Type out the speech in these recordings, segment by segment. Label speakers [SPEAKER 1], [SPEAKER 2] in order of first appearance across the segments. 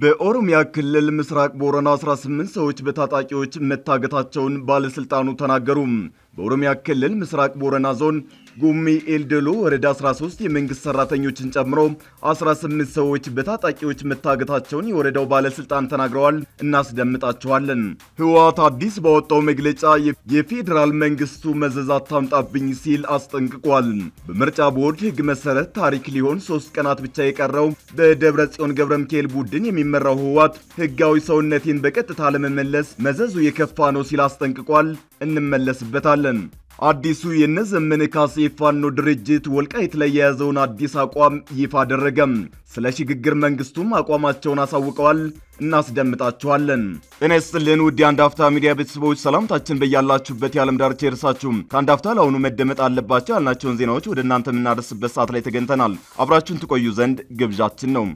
[SPEAKER 1] በኦሮሚያ ክልል ምስራቅ ቦረና 18 ሰዎች በታጣቂዎች መታገታቸውን ባለስልጣኑ ተናገሩ። በኦሮሚያ ክልል ምስራቅ ቦረና ዞን ጉሚ ኤልደሎ ወረዳ 13 የመንግስት ሰራተኞችን ጨምሮ 18 ሰዎች በታጣቂዎች መታገታቸውን የወረዳው ባለስልጣን ተናግረዋል። እናስደምጣቸዋለን። ህወሓት አዲስ ባወጣው መግለጫ የፌዴራል መንግስቱ መዘዝ አታምጣብኝ ሲል አስጠንቅቋል። በምርጫ ቦርድ ህግ መሰረት ታሪክ ሊሆን ሶስት ቀናት ብቻ የቀረው በደብረ ጽዮን ገብረ ሚካኤል ቡድን የሚመራው ህወሓት ህጋዊ ሰውነቴን በቀጥታ ለመመለስ መዘዙ የከፋ ነው ሲል አስጠንቅቋል። እንመለስበታለን። አዲሱ የነዘመነ ካሴ ፋኖ ድርጅት ወልቃይት ላይ የያዘውን አዲስ አቋም ይፋ አደረገም። ስለ ሽግግር መንግስቱም አቋማቸውን አሳውቀዋል። እናስደምጣችኋለን። ጤና ይስጥልን ውድ የአንድ አፍታ ሚዲያ ቤተሰቦች፣ ሰላምታችን በያላችሁበት የዓለም ዳርቻ ይድረሳችሁ። ከአንድ አፍታ ለአሁኑ መደመጥ አለባቸው ያልናቸውን ዜናዎች ወደ እናንተ የምናደርስበት ሰዓት ላይ ተገኝተናል። አብራችሁን ትቆዩ ዘንድ ግብዣችን ነው።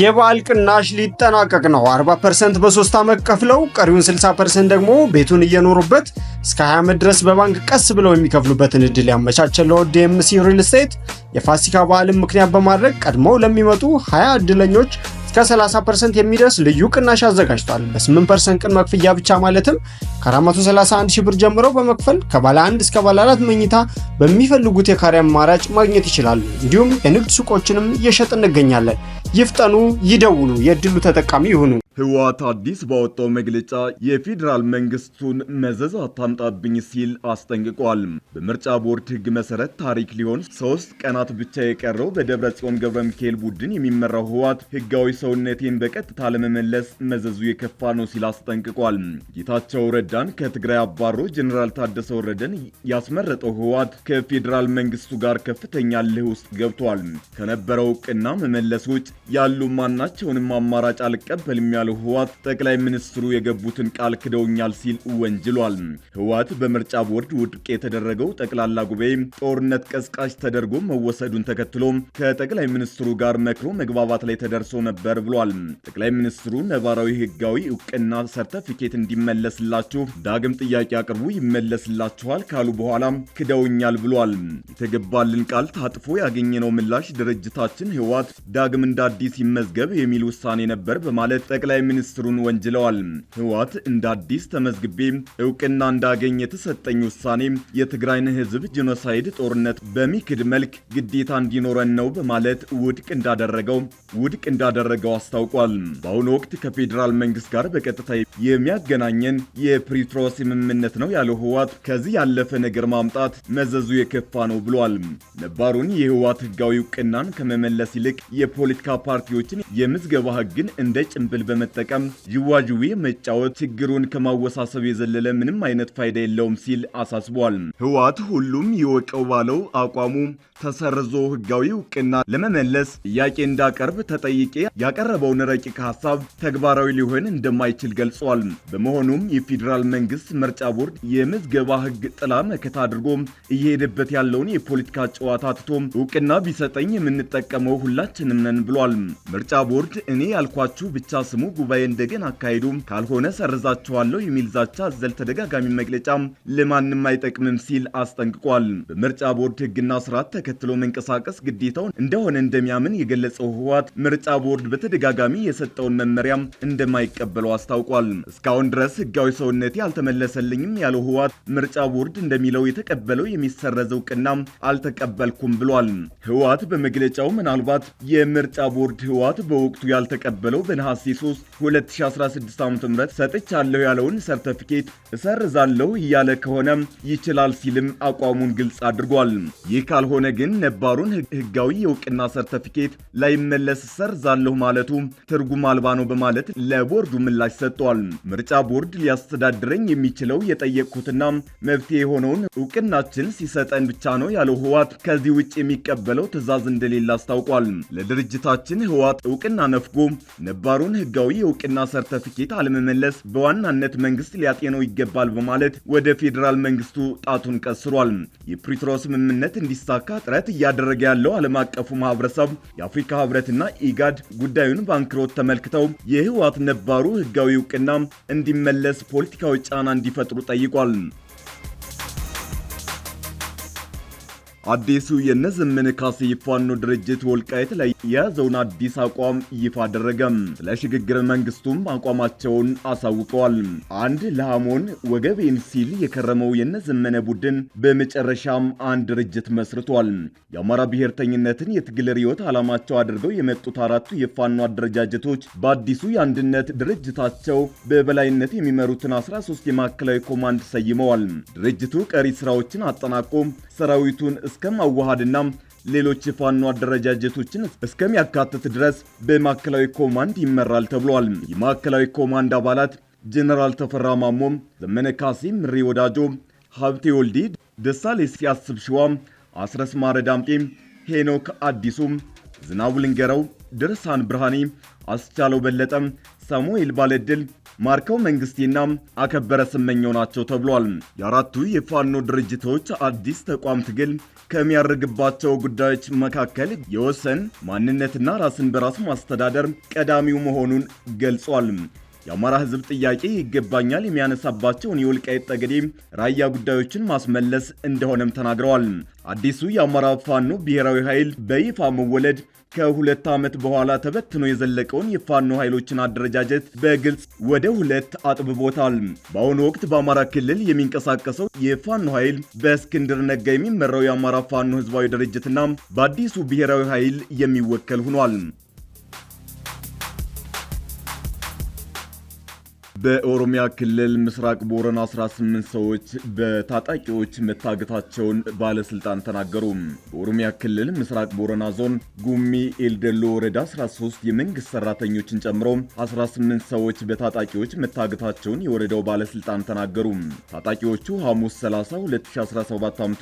[SPEAKER 2] የበዓል ቅናሽ ሊጠናቀቅ ነው። 40% በሶስት ዓመት ከፍለው ቀሪውን 60% ደግሞ ቤቱን እየኖሩበት እስከ 20 ዓመት ድረስ በባንክ ቀስ ብለው የሚከፍሉበትን እድል ያመቻቸለው ዲኤምሲ ሪል ስቴት የፋሲካ በዓልን ምክንያት በማድረግ ቀድመው ለሚመጡ 20 እድለኞች እስከ 30% የሚደርስ ልዩ ቅናሽ አዘጋጅቷል። በ8% ቅን መክፍያ ብቻ ማለትም ከ431 ሺህ ብር ጀምሮ በመክፈል ከባለ 1 እስከ ባለ 4 መኝታ በሚፈልጉት የካሪያ አማራጭ ማግኘት ይችላሉ። እንዲሁም የንግድ ሱቆችንም እየሸጥ እንገኛለን። ይፍጠኑ፣ ይደውሉ፣ የድሉ ተጠቃሚ ይሁኑ።
[SPEAKER 1] ህወሓት አዲስ ባወጣው መግለጫ የፌዴራል መንግስቱን መዘዝ አታምጣብኝ ሲል አስጠንቅቋል። በምርጫ ቦርድ ህግ መሰረት ታሪክ ሊሆን ሶስት ቀናት ብቻ የቀረው በደብረ ጽዮን ገብረ ሚካኤል ቡድን የሚመራው ህወሓት ህጋዊ ሰውነቴን በቀጥታ ለመመለስ መዘዙ የከፋ ነው ሲል አስጠንቅቋል። ጌታቸው ረዳን ከትግራይ አባሮ ጀኔራል ታደሰ ወረደን ያስመረጠው ህወሓት ከፌዴራል መንግስቱ ጋር ከፍተኛ ልህ ውስጥ ገብቷል። ከነበረው እውቅና መመለስ ውጭ ያሉ ማናቸውንም አማራጭ አልቀበልም ያለው ህወሓት ጠቅላይ ሚኒስትሩ የገቡትን ቃል ክደውኛል ሲል ወንጅሏል። ህወሓት በምርጫ ቦርድ ውድቅ የተደረገው ጠቅላላ ጉባኤ ጦርነት ቀስቃሽ ተደርጎ መወሰዱን ተከትሎ ከጠቅላይ ሚኒስትሩ ጋር መክሮ መግባባት ላይ ተደርሶ ነበር ብሏል። ጠቅላይ ሚኒስትሩ ነባራዊ ህጋዊ እውቅና ሰርተፊኬት እንዲመለስላችሁ ዳግም ጥያቄ አቅርቡ ይመለስላችኋል ካሉ በኋላ ክደውኛል ብሏል። የተገባልን ቃል ታጥፎ ያገኘነው ምላሽ ድርጅታችን ህወሓት ዳግም እንዳ አዲስ ይመዝገብ የሚል ውሳኔ ነበር በማለት ጠቅላይ ሚኒስትሩን ወንጅለዋል። ህወሓት እንደ አዲስ ተመዝግቤ እውቅና እንዳገኝ የተሰጠኝ ውሳኔ የትግራይን ህዝብ ጄኖሳይድ ጦርነት በሚክድ መልክ ግዴታ እንዲኖረን ነው በማለት ውድቅ እንዳደረገው ውድቅ እንዳደረገው አስታውቋል። በአሁኑ ወቅት ከፌዴራል መንግስት ጋር በቀጥታ የሚያገናኘን የፕሪቶሪያ ስምምነት ነው ያለው ህወሓት ከዚህ ያለፈ ነገር ማምጣት መዘዙ የከፋ ነው ብሏል። ነባሩን የህወሓት ህጋዊ እውቅናን ከመመለስ ይልቅ የፖለቲካ ፓርቲዎችን የምዝገባ ህግን እንደ ጭንብል በመጠቀም ዥዋዥዌ መጫወት ችግሩን ከማወሳሰብ የዘለለ ምንም አይነት ፋይዳ የለውም ሲል አሳስቧል። ህወሓት ሁሉም ይወቀው ባለው አቋሙ ተሰርዞ ህጋዊ እውቅና ለመመለስ ጥያቄ እንዳቀርብ ተጠይቄ ያቀረበውን ረቂቅ ሀሳብ ተግባራዊ ሊሆን እንደማይችል ገልጿል። በመሆኑም የፌዴራል መንግስት ምርጫ ቦርድ የምዝገባ ህግ ጥላ መከት አድርጎ እየሄደበት ያለውን የፖለቲካ ጨዋታ ትቶ እውቅና ቢሰጠኝ የምንጠቀመው ሁላችንም ነን ብሏል። ብለዋል። ምርጫ ቦርድ እኔ ያልኳችሁ ብቻ ስሙ ጉባኤ እንደገና አካሂዱ፣ ካልሆነ ሰርዛችኋለሁ የሚል ዛቻ አዘል ተደጋጋሚ መግለጫ ለማንም አይጠቅምም ሲል አስጠንቅቋል። በምርጫ ቦርድ ህግና ስርዓት ተከትሎ መንቀሳቀስ ግዴታው እንደሆነ እንደሚያምን የገለጸው ህወሓት ምርጫ ቦርድ በተደጋጋሚ የሰጠውን መመሪያ እንደማይቀበለው አስታውቋል። እስካሁን ድረስ ህጋዊ ሰውነቴ አልተመለሰልኝም ያለው ህወሓት ምርጫ ቦርድ እንደሚለው የተቀበለው የሚሰረዝ እውቅና አልተቀበልኩም ብሏል። ህወሓት በመግለጫው ምናልባት የምርጫ ቦርድ ቦርድ ህወሓት በወቅቱ ያልተቀበለው በነሐሴ 3 2016 ዓ ም ሰጥቻለሁ ያለውን ሰርተፊኬት እሰርዛለሁ እያለ ከሆነ ይችላል ሲልም አቋሙን ግልጽ አድርጓል። ይህ ካልሆነ ግን ነባሩን ህጋዊ የእውቅና ሰርተፊኬት ላይመለስ እሰርዛለሁ ማለቱ ትርጉም አልባ ነው በማለት ለቦርዱ ምላሽ ሰጥቷል። ምርጫ ቦርድ ሊያስተዳድረኝ የሚችለው የጠየቅኩትና መፍትሄ የሆነውን እውቅናችን ሲሰጠን ብቻ ነው ያለው ህወሓት ከዚህ ውጭ የሚቀበለው ትዕዛዝ እንደሌለ አስታውቋል። ለድርጅታችን አባላችን ህወሓት እውቅና ነፍጎ ነባሩን ህጋዊ የእውቅና ሰርተፊኬት አለመመለስ በዋናነት መንግስት ሊያጤነው ይገባል በማለት ወደ ፌዴራል መንግስቱ ጣቱን ቀስሯል። የፕሪቶሪያው ስምምነት እንዲሳካ ጥረት እያደረገ ያለው ዓለም አቀፉ ማህበረሰብ፣ የአፍሪካ ህብረትና ኢጋድ ጉዳዩን በአንክሮት ተመልክተው የህወሓት ነባሩ ህጋዊ እውቅና እንዲመለስ ፖለቲካዊ ጫና እንዲፈጥሩ ጠይቋል። አዲሱ የነዘመነ ካሴ የፋኖ ድርጅት ወልቃይት ላይ የያዘውን አዲስ አቋም ይፋ አደረገም። ስለ ሽግግር መንግስቱም አቋማቸውን አሳውቀዋል። አንድ ለሐሞን ወገቤን ሲል የከረመው የነዘመነ ቡድን በመጨረሻም አንድ ድርጅት መስርቷል። የአማራ ብሔርተኝነትን የትግል ርዕዮት ዓላማቸው አድርገው የመጡት አራቱ የፋኖ አደረጃጀቶች በአዲሱ የአንድነት ድርጅታቸው በበላይነት የሚመሩትን 13 የማዕከላዊ ኮማንድ ሰይመዋል። ድርጅቱ ቀሪ ስራዎችን አጠናቆ ሰራዊቱን እስከ ማዋሃድና ሌሎች የፋኖ አደረጃጀቶችን እስከሚያካትት ድረስ በማዕከላዊ ኮማንድ ይመራል ተብሏል። የማዕከላዊ ኮማንድ አባላት ጀነራል ተፈራ ማሞም፣ ዘመነ ካሴ፣ ምሬ ወዳጆ፣ ሀብቴ ወልዲ፣ ደሳሌ ሲያስብ ሸዋ፣ አስረስ ማረ ዳምጤ፣ ሄኖክ አዲሱ፣ ዝናቡ ልንገረው፣ ድርሳን ብርሃኔ፣ አስቻለው በለጠም፣ ሳሙኤል ባለድል ማርከው መንግስቴና አከበረ ስመኘው ናቸው ተብሏል። የአራቱ የፋኖ ድርጅቶች አዲስ ተቋም ትግል ከሚያደርግባቸው ጉዳዮች መካከል የወሰን ማንነትና ራስን በራስ ማስተዳደር ቀዳሚው መሆኑን ገልጿል። የአማራ ህዝብ ጥያቄ ይገባኛል የሚያነሳባቸውን የወልቃይት ጠገዴ፣ ራያ ጉዳዮችን ማስመለስ እንደሆነም ተናግረዋል። አዲሱ የአማራ ፋኖ ብሔራዊ ኃይል በይፋ መወለድ ከሁለት ዓመት በኋላ ተበትኖ የዘለቀውን የፋኖ ኃይሎችን አደረጃጀት በግልጽ ወደ ሁለት አጥብቦታል። በአሁኑ ወቅት በአማራ ክልል የሚንቀሳቀሰው የፋኖ ኃይል በእስክንድር ነጋ የሚመራው የአማራ ፋኖ ህዝባዊ ድርጅትና በአዲሱ ብሔራዊ ኃይል የሚወከል ሆኗል። በኦሮሚያ ክልል ምስራቅ ቦረና 18 ሰዎች በታጣቂዎች መታገታቸውን ባለስልጣን ተናገሩ። በኦሮሚያ ክልል ምስራቅ ቦረና ዞን ጉሚ ኤልደሎ ወረዳ 13 የመንግስት ሰራተኞችን ጨምሮ 18 ሰዎች በታጣቂዎች መታገታቸውን የወረዳው ባለስልጣን ተናገሩ። ታጣቂዎቹ ሐሙስ 30 2017 ዓ.ም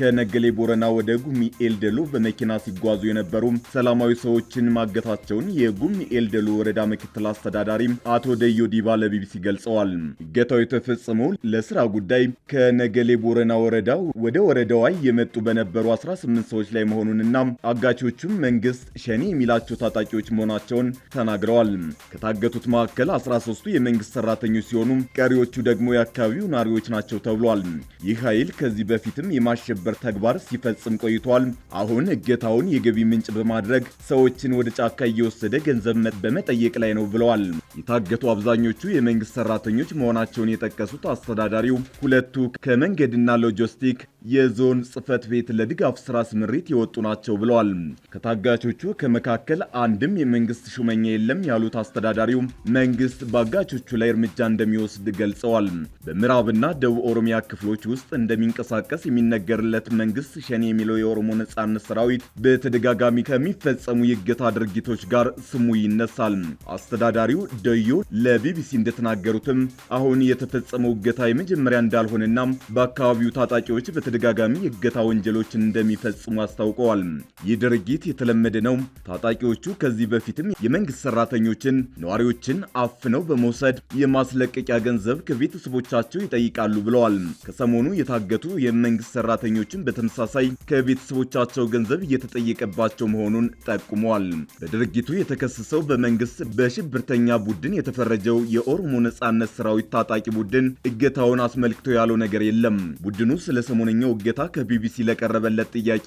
[SPEAKER 1] ከነገሌ ቦረና ወደ ጉሚ ኤልደሎ በመኪና ሲጓዙ የነበሩ ሰላማዊ ሰዎችን ማገታቸውን የጉሚ ኤልደሎ ወረዳ ምክትል አስተዳዳሪ አቶ ደዮ ዲባለቢ ለቢቢሲ ገልጸዋል። እገታው የተፈጸመው ለስራ ጉዳይ ከነገሌ ቦረና ወረዳ ወደ ወረዳዋ የመጡ በነበሩ 18 ሰዎች ላይ መሆኑንና አጋቾቹም መንግስት ሸኔ የሚላቸው ታጣቂዎች መሆናቸውን ተናግረዋል። ከታገቱት መካከል 13ቱ የመንግስት ሰራተኞች ሲሆኑ ቀሪዎቹ ደግሞ የአካባቢው ናሪዎች ናቸው ተብሏል። ይህ ኃይል ከዚህ በፊትም የማሸበር ተግባር ሲፈጽም ቆይቷል። አሁን እገታውን የገቢ ምንጭ በማድረግ ሰዎችን ወደ ጫካ እየወሰደ ገንዘብ በመጠየቅ ላይ ነው ብለዋል። የታገቱ አብዛኞቹ የመንግስት ሰራተኞች መሆናቸውን የጠቀሱት አስተዳዳሪው ሁለቱ ከመንገድና ሎጂስቲክ የዞን ጽህፈት ቤት ለድጋፍ ስራ ስምሪት የወጡ ናቸው ብለዋል። ከታጋቾቹ ከመካከል አንድም የመንግስት ሹመኛ የለም ያሉት አስተዳዳሪው መንግስት በአጋቾቹ ላይ እርምጃ እንደሚወስድ ገልጸዋል። በምዕራብና ደቡብ ኦሮሚያ ክፍሎች ውስጥ እንደሚንቀሳቀስ የሚነገርለት መንግስት ሸኔ የሚለው የኦሮሞ ነጻነት ሰራዊት በተደጋጋሚ ከሚፈጸሙ የእገታ ድርጊቶች ጋር ስሙ ይነሳል። አስተዳዳሪው ደዮ ለቢቢሲ እንደተናገሩትም አሁን የተፈጸመው እገታ የመጀመሪያ እንዳልሆነና በአካባቢው ታጣቂዎች በተደጋጋሚ የእገታ ወንጀሎችን እንደሚፈጽሙ አስታውቀዋል። ይህ ድርጊት የተለመደ ነው። ታጣቂዎቹ ከዚህ በፊትም የመንግስት ሰራተኞችን፣ ነዋሪዎችን አፍነው በመውሰድ የማስለቀቂያ ገንዘብ ከቤተሰቦቻቸው ይጠይቃሉ ብለዋል። ከሰሞኑ የታገቱ የመንግስት ሰራተኞችን በተመሳሳይ ከቤተሰቦቻቸው ገንዘብ እየተጠየቀባቸው መሆኑን ጠቁመዋል። በድርጊቱ የተከሰሰው በመንግስት በሽብርተኛ ቡድን የተፈረጀው የኦሮሞ ነጻነት ሰራዊት ታጣቂ ቡድን እገታውን አስመልክቶ ያለው ነገር የለም። ቡድኑ ስለ ሰሞነኛ አርበኛው እገታ ከቢቢሲ ለቀረበለት ጥያቄ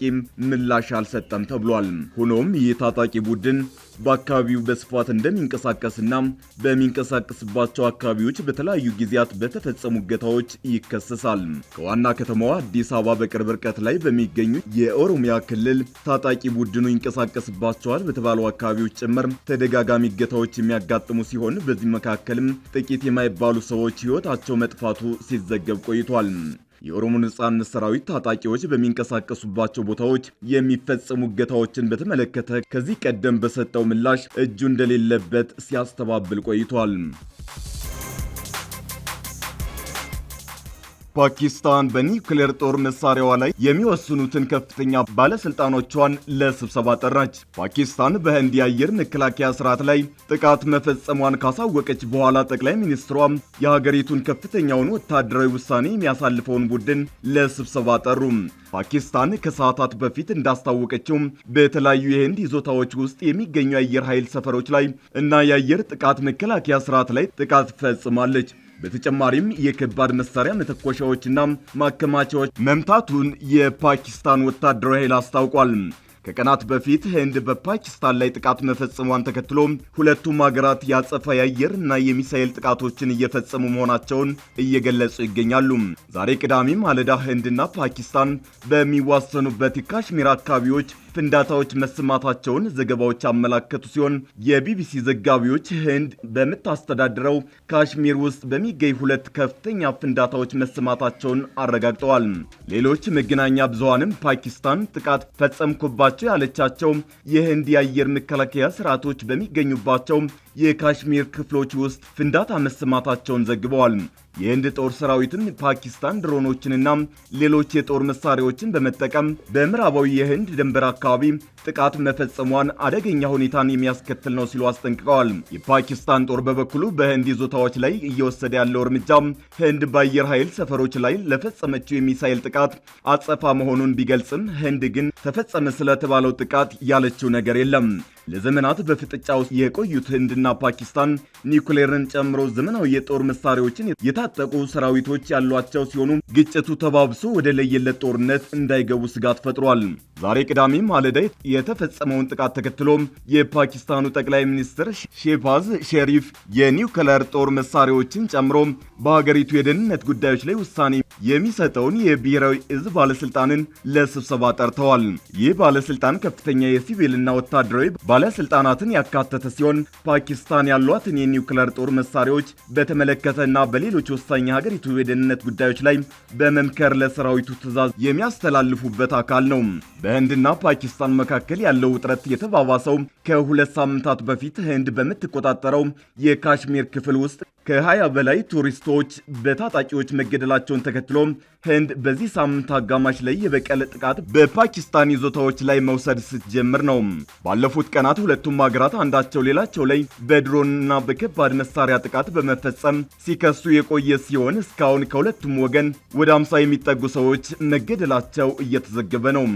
[SPEAKER 1] ምላሽ አልሰጠም ተብሏል። ሆኖም ይህ ታጣቂ ቡድን በአካባቢው በስፋት እንደሚንቀሳቀስና በሚንቀሳቀስባቸው አካባቢዎች በተለያዩ ጊዜያት በተፈጸሙ እገታዎች ይከሰሳል። ከዋና ከተማዋ አዲስ አበባ በቅርብ ርቀት ላይ በሚገኙ የኦሮሚያ ክልል ታጣቂ ቡድኑ ይንቀሳቀስባቸዋል በተባሉ አካባቢዎች ጭምር ተደጋጋሚ እገታዎች የሚያጋጥሙ ሲሆን በዚህ መካከልም ጥቂት የማይባሉ ሰዎች ሕይወታቸው መጥፋቱ ሲዘገብ ቆይቷል። የኦሮሞ ነጻነት ሰራዊት ታጣቂዎች በሚንቀሳቀሱባቸው ቦታዎች የሚፈጸሙ እገታዎችን በተመለከተ ከዚህ ቀደም በሰጠው ምላሽ እጁ እንደሌለበት ሲያስተባብል ቆይቷል። ፓኪስታን በኒውክሌር ጦር መሳሪያዋ ላይ የሚወስኑትን ከፍተኛ ባለስልጣኖቿን ለስብሰባ ጠራች። ፓኪስታን በህንድ የአየር መከላከያ ስርዓት ላይ ጥቃት መፈጸሟን ካሳወቀች በኋላ ጠቅላይ ሚኒስትሯ የሀገሪቱን ከፍተኛውን ወታደራዊ ውሳኔ የሚያሳልፈውን ቡድን ለስብሰባ ጠሩ። ፓኪስታን ከሰዓታት በፊት እንዳስታወቀችው በተለያዩ የህንድ ይዞታዎች ውስጥ የሚገኙ የአየር ኃይል ሰፈሮች ላይ እና የአየር ጥቃት መከላከያ ስርዓት ላይ ጥቃት ፈጽማለች። በተጨማሪም የከባድ መሳሪያ መተኮሻዎችና ማከማቻዎች መምታቱን የፓኪስታን ወታደራዊ ኃይል አስታውቋል። ከቀናት በፊት ህንድ በፓኪስታን ላይ ጥቃት መፈጸሟን ተከትሎ ሁለቱም ሀገራት የአየር እና የሚሳኤል ጥቃቶችን እየፈጸሙ መሆናቸውን እየገለጹ ይገኛሉ። ዛሬ ቅዳሜ ማለዳ ህንድና ፓኪስታን በሚዋሰኑበት የካሽሚር አካባቢዎች ፍንዳታዎች መሰማታቸውን ዘገባዎች አመላከቱ ሲሆን የቢቢሲ ዘጋቢዎች ህንድ በምታስተዳድረው ካሽሚር ውስጥ በሚገኝ ሁለት ከፍተኛ ፍንዳታዎች መሰማታቸውን አረጋግጠዋል። ሌሎች መገናኛ ብዙሃንም ፓኪስታን ጥቃት ፈጸምኩባቸው ያለቻቸው የህንድ የአየር መከላከያ ስርዓቶች በሚገኙባቸው የካሽሚር ክፍሎች ውስጥ ፍንዳታ መሰማታቸውን ዘግበዋል። የህንድ ጦር ሰራዊትም ፓኪስታን ድሮኖችንና ሌሎች የጦር መሳሪያዎችን በመጠቀም በምዕራባዊ የህንድ ድንበር አካባቢ ጥቃት መፈጸሟን አደገኛ ሁኔታን የሚያስከትል ነው ሲሉ አስጠንቅቀዋል። የፓኪስታን ጦር በበኩሉ በህንድ ይዞታዎች ላይ እየወሰደ ያለው እርምጃ ህንድ በአየር ኃይል ሰፈሮች ላይ ለፈጸመችው የሚሳይል ጥቃት አጸፋ መሆኑን ቢገልጽም ህንድ ግን ተፈጸመ ስለተባለው ጥቃት ያለችው ነገር የለም። ለዘመናት በፍጥጫ ውስጥ የቆዩት ህንድና ፓኪስታን ኒውክሌርን ጨምሮ ዘመናዊ የጦር መሳሪያዎችን የታጠቁ ሰራዊቶች ያሏቸው ሲሆኑ ግጭቱ ተባብሶ ወደ ለየለት ጦርነት እንዳይገቡ ስጋት ፈጥሯል። ዛሬ ቅዳሜ ማለዳ የተፈጸመውን ጥቃት ተከትሎ የፓኪስታኑ ጠቅላይ ሚኒስትር ሼባዝ ሼሪፍ የኒውክሌር ጦር መሳሪያዎችን ጨምሮ በሀገሪቱ የደህንነት ጉዳዮች ላይ ውሳኔ የሚሰጠውን የብሔራዊ እዝ ባለስልጣንን ለስብሰባ ጠርተዋል። ይህ ባለስልጣን ከፍተኛ የሲቪልና ወታደራዊ ባለስልጣናትን ያካተተ ሲሆን ፓኪስታን ያሏትን የኒውክለር ጦር መሳሪያዎች በተመለከተና በሌሎች ወሳኝ የሀገሪቱ የደህንነት ጉዳዮች ላይ በመምከር ለሰራዊቱ ትዕዛዝ የሚያስተላልፉበት አካል ነው። በህንድና ፓኪስታን መካከል ያለው ውጥረት የተባባሰው ከሁለት ሳምንታት በፊት ህንድ በምትቆጣጠረው የካሽሚር ክፍል ውስጥ ከ20 በላይ ቱሪስቶች በታጣቂዎች መገደላቸውን ተከትሎ ህንድ በዚህ ሳምንት አጋማሽ ላይ የበቀለ ጥቃት በፓኪስታን ይዞታዎች ላይ መውሰድ ስትጀምር ነው። ባለፉት ቀናት ሁለቱም ሀገራት አንዳቸው ሌላቸው ላይ በድሮንና በከባድ መሳሪያ ጥቃት በመፈጸም ሲከሱ የቆየ ሲሆን እስካሁን ከሁለቱም ወገን ወደ 50 የሚጠጉ ሰዎች መገደላቸው እየተዘገበ ነው።